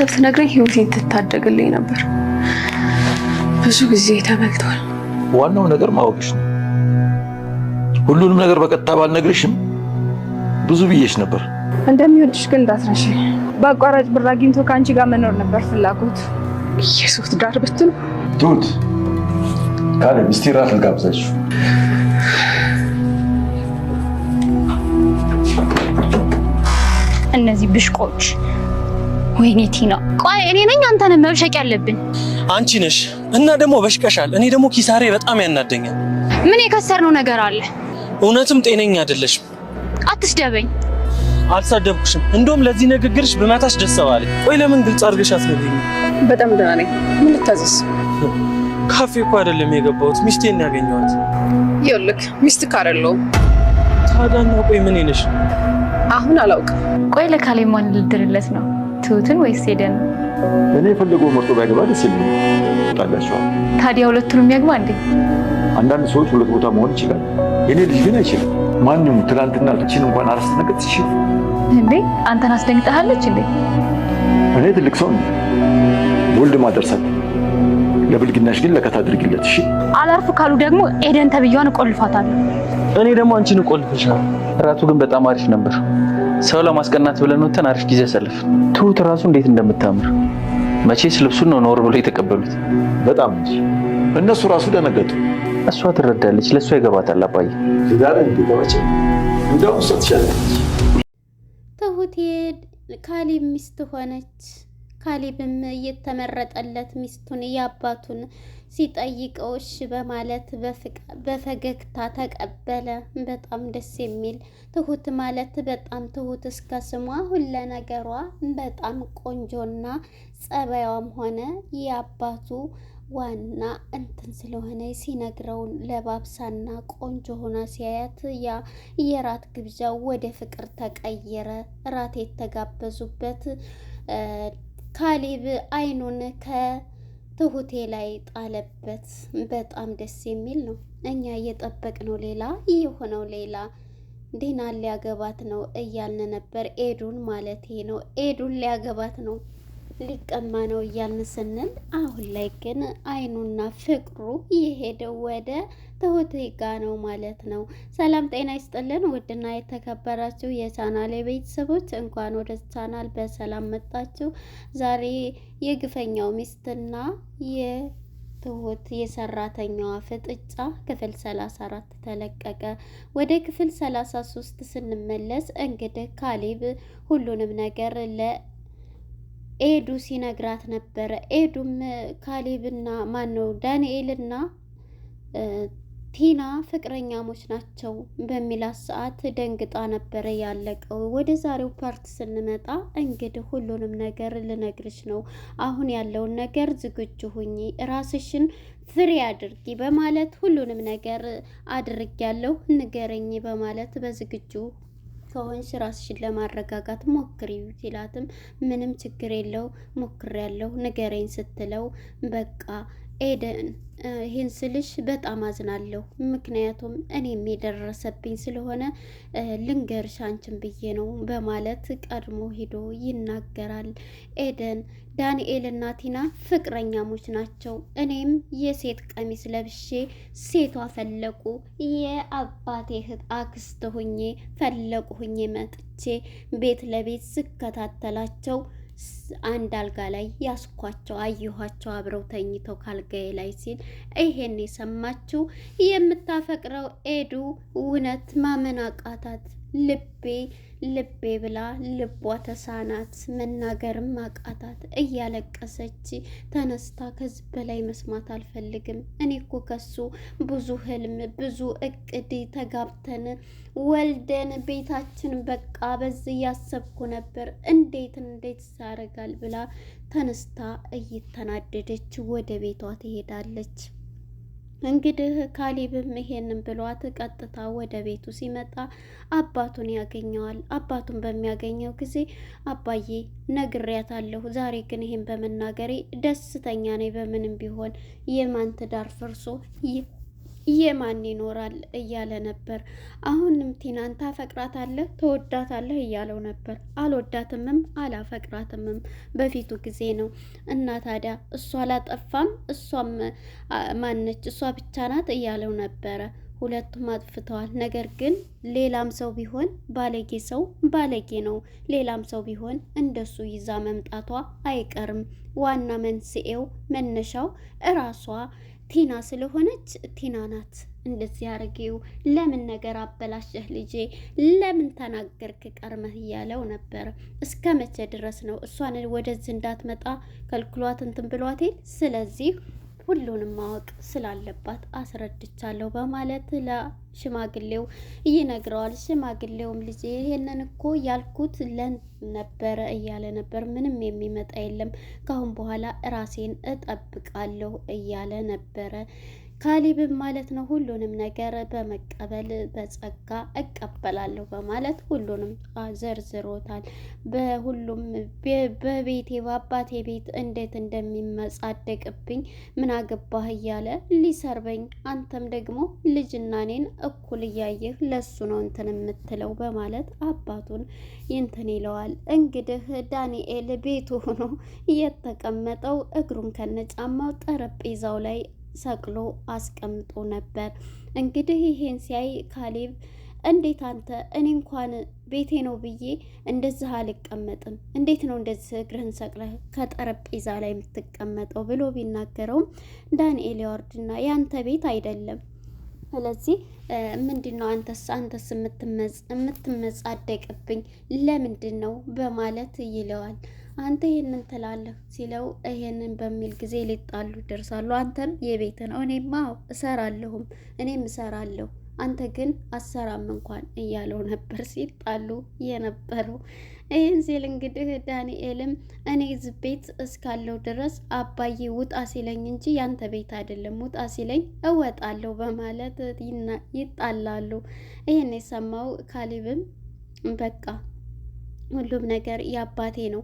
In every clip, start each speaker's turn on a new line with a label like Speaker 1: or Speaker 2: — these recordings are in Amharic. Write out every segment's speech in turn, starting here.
Speaker 1: አንተ ብትነግረኝ ህይወቴን ትታደግልኝ ነበር። ብዙ ጊዜ ተበልቷል።
Speaker 2: ዋናው ነገር ማወቅሽ ነው። ሁሉንም ነገር በቀጥታ ባልነግርሽም ብዙ ብዬሽ ነበር።
Speaker 1: እንደሚወድሽ ግን እንዳትረሽ። በአቋራጭ ብር አግኝቶ ከአንቺ ጋር መኖር ነበር ፍላጎት። የሰው ትዳር ብትሉ
Speaker 2: ትሁት ካለ እስቲ ራት ልጋብዛችሁ።
Speaker 1: እነዚህ ብሽቆች ወይኔ ቲና፣ ቆይ እኔ ነኝ አንተን መብሸቅ ያለብን?
Speaker 3: አንቺ ነሽ። እና ደግሞ በሽቀሻል። እኔ ደግሞ ኪሳሬ በጣም ያናደኛል።
Speaker 1: ምን የከሰርነው ነገር አለ?
Speaker 3: እውነትም ጤነኛ አይደለሽም። አትስደበኝ። አልሳደብኩሽም። እንደውም ለዚህ ንግግርሽ ብመታሽ ደስ ባለኝ። ቆይ ለምን ግልጽ አድርገሽ አትነግሪኝ?
Speaker 1: በጣም ደህና ነኝ። ምን ልታዘዝ?
Speaker 3: ካፌ እኮ አይደለም የገባሁት፣ ሚስቴን ያገኘኋት።
Speaker 1: ይኸውልህ ሚስትህ አይደለሁም።
Speaker 3: ታዲያ ቆይ ምን ይነሽ?
Speaker 1: አሁን አላውቅም። ቆይ ለካሌ ማን ልድርለት ነው? ትሁትን ወይስ ሄደን?
Speaker 2: እኔ የፈለገው መርጦ ባይገባ ደስ ይለኝ። ጣላቸዋል።
Speaker 1: ታዲያ ሁለቱን የሚያግባ እንዴ?
Speaker 2: አንዳንድ ሰዎች ሁለት ቦታ መሆን ይችላል። የኔ ልጅ ግን አይችልም። ማንም ትላንትና ልጅን እንኳን አላስደነገጥ ትችል
Speaker 1: እንዴ? አንተን አስደንግጠሃለች እንዴ?
Speaker 2: እኔ ትልቅ ሰው ነኝ። ወልድ ማደርሳት ለብልግናሽ ግን ለከት አድርግለት እሺ
Speaker 1: አላርፍ ካሉ ደግሞ ኤደን ተብያዋን እቆልፋታለሁ።
Speaker 3: እኔ ደግሞ አንቺን እቆልፍሻለሁ። እራቱ ግን በጣም አሪፍ ነበር። ሰው ለማስቀናት ብለን ወተን አሪፍ ጊዜ አሳለፍ። ትሁት እራሱ እንዴት እንደምታምር መቼስ ልብሱን ነው ኖር ብሎ የተቀበሉት።
Speaker 2: በጣም እንጂ እነሱ ራሱ ደነገጡ።
Speaker 3: እሷ ትረዳለች፣ ለእሷ ይገባታል። አባዬ
Speaker 4: ትሁት ካሌብ ሚስት ሆነች። ካሊብም እየተመረጠለት ሚስቱን የአባቱን ሲጠይቀው እሺ በማለት በፈገግታ ተቀበለ። በጣም ደስ የሚል ትሁት ማለት በጣም ትሁት እስከ ስሟ ሁለ ነገሯ በጣም ቆንጆና ጸባያም ሆነ የአባቱ ዋና እንትን ስለሆነ ሲነግረው ለባብሳና ቆንጆ ሆና ሲያያት ያ የራት ግብዣው ወደ ፍቅር ተቀየረ። ራት የተጋበዙበት ካሌብ አይኑን ከትሁቴ ላይ ጣለበት። በጣም ደስ የሚል ነው። እኛ እየጠበቅነው ሌላ የሆነው ሌላ ዲናን ሊያገባት ነው እያልን ነበር። ኤዱን ማለት ነው። ኤዱን ሊያገባት ነው ሊቀማ ነው እያልን ስንል አሁን ላይ ግን አይኑና ፍቅሩ የሄደው ወደ ትሁት ጋ ነው ማለት ነው። ሰላም ጤና ይስጥልን ውድና የተከበራችሁ የቻናል ቤተሰቦች እንኳን ወደ ቻናል በሰላም መጣችሁ። ዛሬ የግፈኛው ሚስትና የ ትሁት የሰራተኛዋ ፍጥጫ ክፍል 34 ተለቀቀ። ወደ ክፍል 33 ስንመለስ እንግዲህ ካሌብ ሁሉንም ነገር ለ ኤዱ ሲነግራት ነበረ። ኤዱም ካሊብና ማን ነው ዳንኤልና ቲና ፍቅረኛሞች ናቸው በሚላት ሰዓት ደንግጣ ነበረ ያለቀው። ወደ ዛሬው ፓርት ስንመጣ እንግዲህ ሁሉንም ነገር ልነግርሽ ነው። አሁን ያለውን ነገር ዝግጁ ሁኚ፣ ራስሽን ፍሬ አድርጊ በማለት ሁሉንም ነገር አድርጊያለሁ፣ ንገረኝ በማለት በዝግጁ ከሆንሽ ራስሽን ለማረጋጋት ሞክሪ ሲላትም ምንም ችግር የለው ሞክሬያለሁ ንገረኝ ስትለው በቃ ኤደን ይህን ስልሽ በጣም አዝናለሁ። ምክንያቱም እኔም የደረሰብኝ ስለሆነ ልንገርሽ አንቺን ብዬ ነው በማለት ቀድሞ ሂዶ ይናገራል። ኤደን ዳንኤልና ቲና ፍቅረኛሞች ናቸው። እኔም የሴት ቀሚስ ለብሼ ሴቷ ፈለቁ የአባቴ እህት አክስት ሁኜ ፈለቁ ሁኜ መጥቼ ቤት ለቤት ስከታተላቸው አንድ አልጋ ላይ ያስኳቸው አየኋቸው አብረው ተኝተው ካልጋዬ ላይ ሲል ይሄን የሰማችው የምታፈቅረው ኤዱ እውነት ማመን አቃታት። ልቤ ልቤ ብላ ልቧ ተሳናት፣ መናገርም አቃታት። እያለቀሰች ተነስታ ከዚህ በላይ መስማት አልፈልግም። እኔ እኮ ከሱ ብዙ ህልም፣ ብዙ እቅድ ተጋብተን ወልደን ቤታችን በቃ በዚህ እያሰብኩ ነበር፣ እንዴት እንዴት ያደርጋል ብላ ተነስታ እየተናደደች ወደ ቤቷ ትሄዳለች። እንግዲህ ካሊብም ይሄንን ብሏት ቀጥታ ወደ ቤቱ ሲመጣ አባቱን ያገኘዋል። አባቱን በሚያገኘው ጊዜ አባዬ ነግሬያታለሁ፣ ዛሬ ግን ይሄን በመናገሬ ደስተኛ ነኝ። በምንም ቢሆን የማን ትዳር ፍርሶ ይህ የማን ይኖራል እያለ ነበር። አሁንም ቲናን ታፈቅራታለህ፣ ተወዳታለህ እያለው ነበር። አልወዳትምም አላፈቅራትምም በፊቱ ጊዜ ነው። እና ታዲያ እሷ አላጠፋም፣ እሷም ማነች እሷ ብቻ ናት እያለው ነበረ። ሁለቱም አጥፍተዋል። ነገር ግን ሌላም ሰው ቢሆን ባለጌ ሰው ባለጌ ነው። ሌላም ሰው ቢሆን እንደሱ ይዛ መምጣቷ አይቀርም። ዋና መንስኤው መነሻው እራሷ ቲና ስለሆነች ቲና ናት እንደዚህ ያደርጊው። ለምን ነገር አበላሸህ ልጄ? ለምን ተናገርክ ቀርመህ እያለው ነበር። እስከ መቼ ድረስ ነው እሷን ወደዚህ እንዳትመጣ ከልክሏት እንትን ብሏቴ። ስለዚህ ሁሉንም ማወቅ ስላለባት አስረድቻለሁ በማለት ለሽማግሌው ይነግረዋል። ሽማግሌውም ልጄ ይሄንን እኮ ያልኩት ለን ነበረ እያለ ነበር። ምንም የሚመጣ የለም ከአሁን በኋላ ራሴን እጠብቃለሁ እያለ ነበረ። ካሊብም ማለት ነው ሁሉንም ነገር በመቀበል በጸጋ እቀበላለሁ በማለት ሁሉንም ዘርዝሮታል። በሁሉም በቤቴ በአባቴ ቤት እንዴት እንደሚመጻደቅብኝ ምን አገባህ እያለ ሊሰርበኝ፣ አንተም ደግሞ ልጅና እኔን እኩል እያየህ ለሱ ነው እንትን የምትለው በማለት አባቱን ይንትን ይለዋል። እንግዲህ ዳንኤል ቤቱ ሆኖ የተቀመጠው እግሩን ከነጫማው ጠረጴዛው ላይ ሰቅሎ አስቀምጦ ነበር። እንግዲህ ይሄን ሲያይ ካሌብ እንዴት አንተ እኔ እንኳን ቤቴ ነው ብዬ እንደዚህ አልቀመጥም፣ እንዴት ነው እንደዚህ እግርህን ሰቅለህ ከጠረጴዛ ላይ የምትቀመጠው ብሎ ቢናገረውም ዳንኤል ያወርድና ያንተ ቤት አይደለም፣ ስለዚህ ምንድን ነው አንተስ አንተስ የምትመጻደቅብኝ ለምንድን ነው በማለት ይለዋል። አንተ ይሄንን ትላለህ ሲለው ይሄንን በሚል ጊዜ ሊጣሉ ይደርሳሉ። አንተም የቤት ነው እኔማ እሰራለሁም እኔም እሰራለሁ አንተ ግን አሰራም እንኳን እያለው ነበር ሲጣሉ የነበረው። ይህን ሲል እንግዲህ ዳንኤልም እኔ ዝ ቤት እስካለው ድረስ አባዬ ውጣ ሲለኝ እንጂ ያንተ ቤት አይደለም ውጣ ሲለኝ እወጣለሁ በማለት ይጣላሉ። ይህን የሰማው ካሊብም በቃ ሁሉም ነገር የአባቴ ነው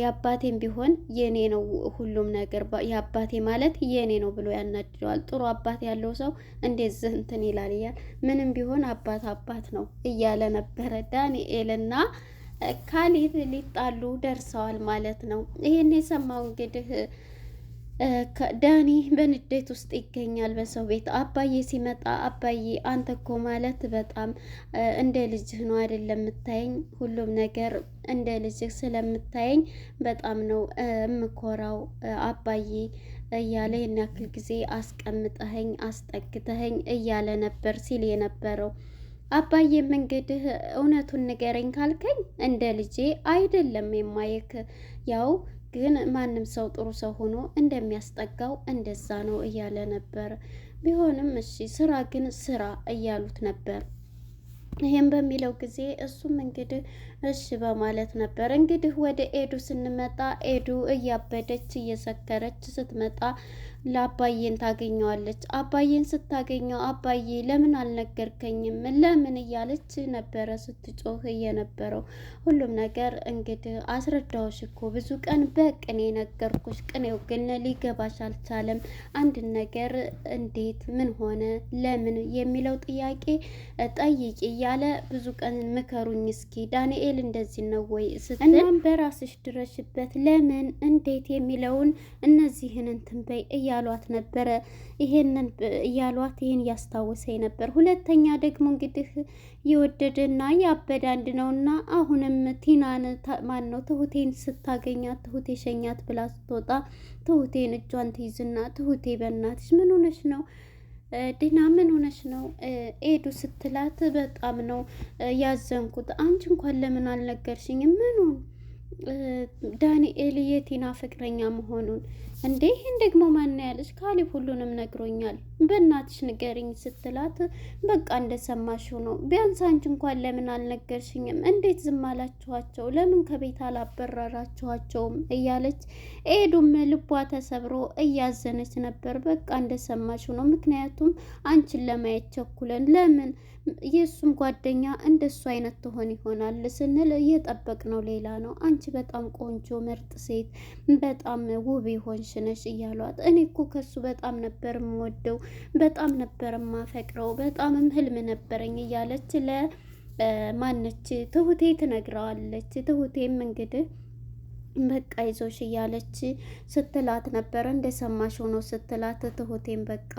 Speaker 4: የአባቴም ቢሆን የኔ ነው ሁሉም ነገር የአባቴ ማለት የኔ ነው ብሎ ያናድደዋል። ጥሩ አባት ያለው ሰው እንደዚህ እንትን ይላል እያል ምንም ቢሆን አባት አባት ነው እያለ ነበረ ዳንኤልና ካሊት ሊጣሉ ደርሰዋል ማለት ነው። ይሄን የሰማው እንግዲህ ዳኒ በንዴት ውስጥ ይገኛል። በሰው ቤት አባዬ ሲመጣ አባዬ አንተ እኮ ማለት በጣም እንደ ልጅህ ነው አይደለም የምታየኝ፣ ሁሉም ነገር እንደ ልጅህ ስለምታየኝ በጣም ነው የምኮራው አባዬ እያለ ይህን ያክል ጊዜ አስቀምጠኸኝ አስጠግተኸኝ እያለ ነበር ሲል የነበረው አባዬም መንገድህ እውነቱን ንገረኝ ካልከኝ እንደ ልጄ አይደለም የማየክ ያው ግን ማንም ሰው ጥሩ ሰው ሆኖ እንደሚያስጠጋው እንደዛ ነው እያለ ነበር። ቢሆንም እሺ ስራ ግን ስራ እያሉት ነበር። ይህም በሚለው ጊዜ እሱም እንግዲህ እሺ በማለት ነበር። እንግዲህ ወደ ኤዱ ስንመጣ ኤዱ እያበደች እየሰከረች ስትመጣ ለአባዬን ታገኘዋለች። አባዬን ስታገኘው አባዬ ለምን አልነገርከኝም? ለምን እያለች ነበረ ስትጮህ የነበረው። ሁሉም ነገር እንግዲህ አስረዳውሽ እኮ ብዙ ቀን በቅኔ ነገርኩሽ። ቅኔው ግን ሊገባሽ አልቻለም። አንድን ነገር እንዴት፣ ምን ሆነ፣ ለምን የሚለው ጥያቄ ጠይቂ እያለ ብዙ ቀን ምከሩኝ እስኪ ዳንኤል እንደዚህ ነው ወይ እናም በራስሽ ድረሽበት ለምን እንዴት የሚለውን እነዚህን እንትን በይ እያ እያሏት ነበረ። ይሄንን እያሏት ይሄን እያስታወሰኝ ነበር። ሁለተኛ ደግሞ እንግዲህ የወደደና ያበደ አንድ ነውና አሁንም ቲናን ማን ነው ትሁቴን ስታገኛት ትሁቴ ሸኛት ብላ ስትወጣ ትሁቴን እጇን ትይዝና ትሁቴ በእናትሽ ምን ሆነሽ ነው ዲና ምን ሆነሽ ነው ኤዱ ስትላት፣ በጣም ነው ያዘንኩት። አንቺ እንኳን ለምን አልነገርሽኝም? ምኑን ዳንኤል የቲና ፍቅረኛ መሆኑን እንዴ ይህን ደግሞ ማን ያለች ካሌብ ሁሉንም ነግሮኛል፣ በእናትሽ ንገሪኝ ስትላት በቃ እንደሰማሽው ነው። ቢያንስ አንቺ እንኳን ለምን አልነገርሽኝም? እንዴት ዝም አላችኋቸው? ለምን ከቤት አላበረራችኋቸውም? እያለች ኤዱም ልቧ ተሰብሮ እያዘነች ነበር። በቃ እንደሰማሽው ነው። ምክንያቱም አንቺን ለማየት ቸኩለን ለምን የእሱም ጓደኛ እንደሱ አይነት ትሆን ይሆናል ስንል እየጠበቅ ነው ሌላ ነው። አንቺ በጣም ቆንጆ ምርጥ ሴት፣ በጣም ውብ ይሆንሽ ነሽ እያሏት እኔ እኮ ከሱ በጣም ነበር የምወደው፣ በጣም ነበር የማፈቅረው፣ በጣምም ህልም ነበረኝ እያለች ለማነች ትሁቴ ትነግረዋለች። ትሁቴም እንግዲህ በቃ ይዞሽ እያለች ስትላት ነበረ እንደሰማሽ ሆኖ ስትላት ትሁቴም በቃ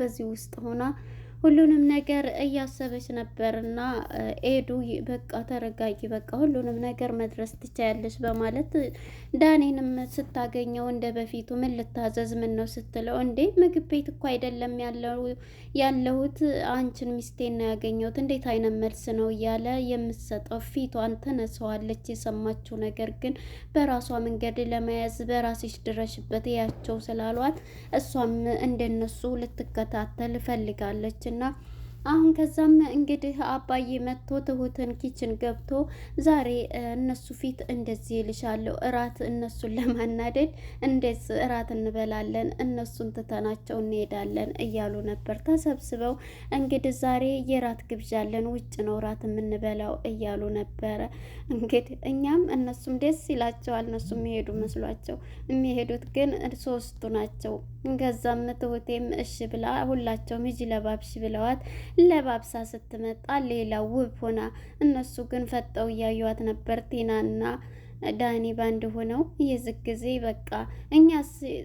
Speaker 4: በዚህ ውስጥ ሆና ሁሉንም ነገር እያሰበች ነበርና ኤዱ በቃ ተረጋጊ፣ በቃ ሁሉንም ነገር መድረስ ትቻያለች በማለት ዳኔንም ስታገኘው እንደ በፊቱ ምን ልታዘዝ ምን ነው ስትለው፣ እንዴ ምግብ ቤት እኮ አይደለም ያለሁት አንቺን ሚስቴን ነው ያገኘሁት፣ እንዴት አይነት መልስ ነው እያለ የምትሰጠው ፊቷን ተነሰዋለች የሰማችው ነገር ግን በራሷ መንገድ ለመያዝ በራሴች ድረሽበት ያቸው ስላሏት እሷም እንደነሱ ልትከታተል ፈልጋለች። እና አሁን ከዛም እንግዲህ አባዬ መጥቶ ትሁትን ኪችን ገብቶ ዛሬ እነሱ ፊት እንደዚህ ይልሻለሁ። እራት እነሱን ለማናደድ እንደዚህ እራት እንበላለን፣ እነሱን ትተናቸው እንሄዳለን እያሉ ነበር። ተሰብስበው እንግዲህ ዛሬ የራት ግብዣለን፣ ውጭ ነው እራት የምንበላው እያሉ ነበረ። እንግዲህ እኛም እነሱም ደስ ይላቸዋል፣ እነሱ የሚሄዱ መስሏቸው፣ የሚሄዱት ግን ሶስቱ ናቸው። ከዛም ትሁቴም እሺ ብላ ሁላቸውም ሂጂ ለባብሽ ብለዋት ለባብሳ ስትመጣ ሌላ ውብ ሆና፣ እነሱ ግን ፈጠው እያዩዋት ነበር ቲናና ዳኒ ባንድ ሆነው የዝግ ጊዜ በቃ እኛ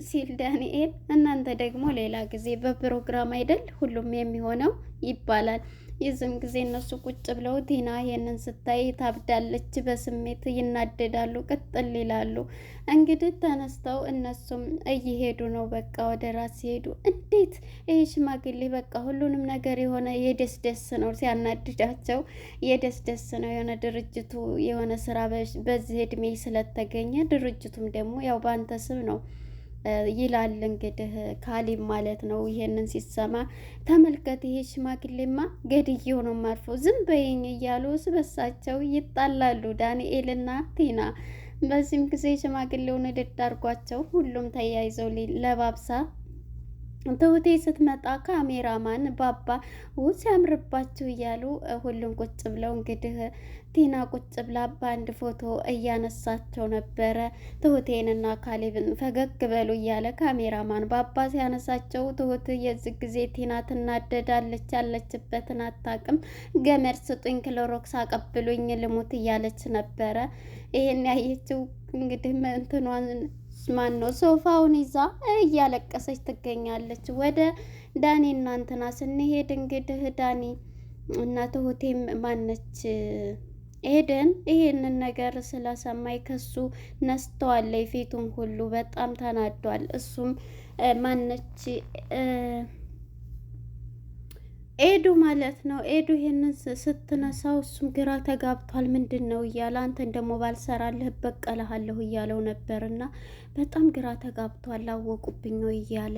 Speaker 4: ሲል ዳንኤል እናንተ ደግሞ ሌላ ጊዜ በፕሮግራም አይደል ሁሉም የሚሆነው ይባላል። የዝም ጊዜ እነሱ ቁጭ ብለው ቲና ይህንን ስታይ ታብዳለች፣ በስሜት ይናደዳሉ፣ ቅጥል ይላሉ። እንግዲህ ተነስተው እነሱም እየሄዱ ነው። በቃ ወደ ራስ ሲሄዱ እንዴት ይህ ሽማግሌ በቃ ሁሉንም ነገር የሆነ የደስ ደስ ነው ሲያናድዳቸው፣ የደስ ደስ ነው የሆነ ድርጅቱ የሆነ ስራ በዚህ እድሜ ስለተገኘ ድርጅቱም ደግሞ ያው ባንተ ስም ነው ይላል እንግዲህ ካሊም ማለት ነው። ይሄንን ሲሰማ ተመልከት፣ ይሄ ሽማግሌማ ገድዬው ነው ማርፎ ዝም በይኝ እያሉ ስበሳቸው ይጣላሉ ዳንኤልና ቲና። በዚህም ጊዜ ሽማግሌውን ድድ አድርጓቸው ሁሉም ተያይዘው ለባብሳ ትሁቴ ስትመጣ ካሜራማን ባባ ው ሲያምርባችሁ እያሉ ሁሉም ቁጭ ብለው እንግዲህ ቲና ቁጭ ብላ በአንድ ፎቶ እያነሳቸው ነበረ። ትሁቴንና ካሌብን ፈገግ በሉ እያለ ካሜራማን ባባ ሲያነሳቸው ትሁት የዚህ ጊዜ ቲና ትናደዳለች። ያለችበትን አታውቅም። ገመድ ስጡኝ፣ ክሎሮክስ አቀብሉኝ፣ ልሙት እያለች ነበረ። ይህን ያየችው እንግዲህ እንትኗን ማን ነው ሶፋውን ይዛ እያለቀሰች ትገኛለች። ወደ ዳኒ እና ስንሄድ እንግዲህ ዳኒ እና ትሁቴም ማነች ኤደን ይሄንን ነገር ስለሰማይ ከሱ ነስተዋለ ፊቱን ሁሉ በጣም ተናዷል። እሱም ማነች ኤዱ ማለት ነው። ኤዱ ይህንን ስትነሳው እሱም ግራ ተጋብቷል። ምንድን ነው እያለ አንተን ደግሞ ባልሰራልህ በቀልሃለሁ እያለው ነበር እና በጣም ግራ ተጋብቷል። አወቁብኝ እያለ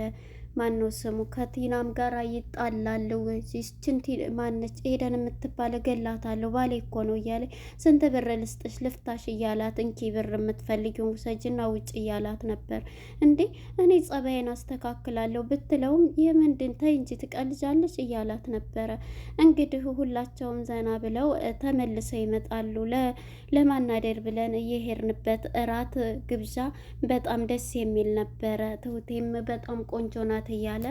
Speaker 4: ማነው ስሙ ከቲናም ጋር ይጣላለሁ። ይችን ማነች ኤደን የምትባል እገላታለሁ፣ ባሌ እኮ ነው እያለ ስንት ብር ልስጥሽ ልፍታሽ እያላት እንኪ ብር የምትፈልጊውን ውሰጅና ውጭ እያላት ነበር። እንዴ እኔ ጸባይን አስተካክላለሁ ብትለውም የምንድን ተይ እንጂ ትቀልጃለች እያላት ነበረ። እንግዲህ ሁላቸውም ዘና ብለው ተመልሰው ይመጣሉ። ለማናደር ብለን የሄድንበት እራት ግብዣ በጣም ደስ የሚል ነበረ። ትሁቴም በጣም ቆንጆ ናት። ናት እያለ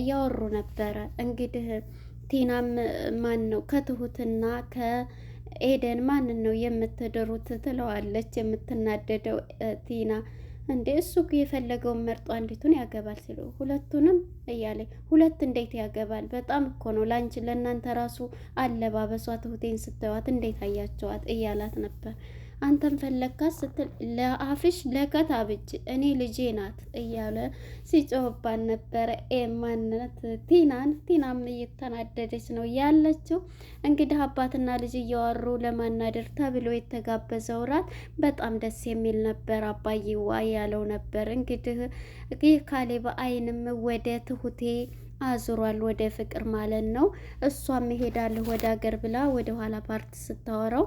Speaker 4: እያወሩ ነበረ። እንግዲህ ቲናም ማን ነው ከትሁትና ከኤደን ማንን ነው የምትድሩት ትለዋለች። የምትናደደው ቲና እንዴ እሱ የፈለገውን መርጦ አንዲቱን ያገባል ሲሉ ሁለቱንም እያለ ሁለት እንዴት ያገባል? በጣም እኮ ነው ለአንቺ ለእናንተ ራሱ አለባበሷ ትሁቴን ስትዋት እንዴት አያቸዋት እያላት ነበር። አንተን ፈለግካት ስትል ለአፍሽ ለከት አብጅ እኔ ልጄ ናት እያለ ሲጮህባት ነበረ። ኤማነት ቲናን ቲናም እየተናደደች ነው ያለችው። እንግዲህ አባትና ልጅ እያወሩ ለማናደር ተብሎ የተጋበዘው እራት በጣም ደስ የሚል ነበር። አባዬዋ ያለው ነበር እንግዲህ ይህ ካሌብ አይንም ወደ ትሁቴ አዙሯል ወደ ፍቅር ማለት ነው። እሷም እሄዳለሁ ወደ ሀገር ብላ ወደ ኋላ ፓርት ስታወራው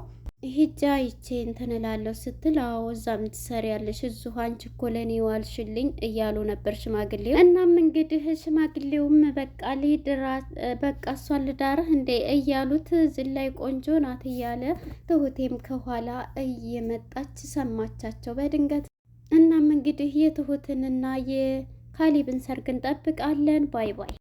Speaker 4: ሂጃ ይቼ እንትን እላለሁ ስትል አዎ እዛም ትሰሪያለሽ እዚሁ አንቺ እኮ ለእኔ ዋልሽልኝ እያሉ ነበር ሽማግሌው። እናም እንግዲህ ሽማግሌውም በቃ ሊድራ በቃ እሷን ልዳርህ እንዴ እያሉት ዝላይ ቆንጆ ናት እያለ ትሁቴም ከኋላ እየመጣች ሰማቻቸው በድንገት። እናም እንግዲህ የትሁትንና የካሊብን ሰርግ እንጠብቃለን። ባይ ባይ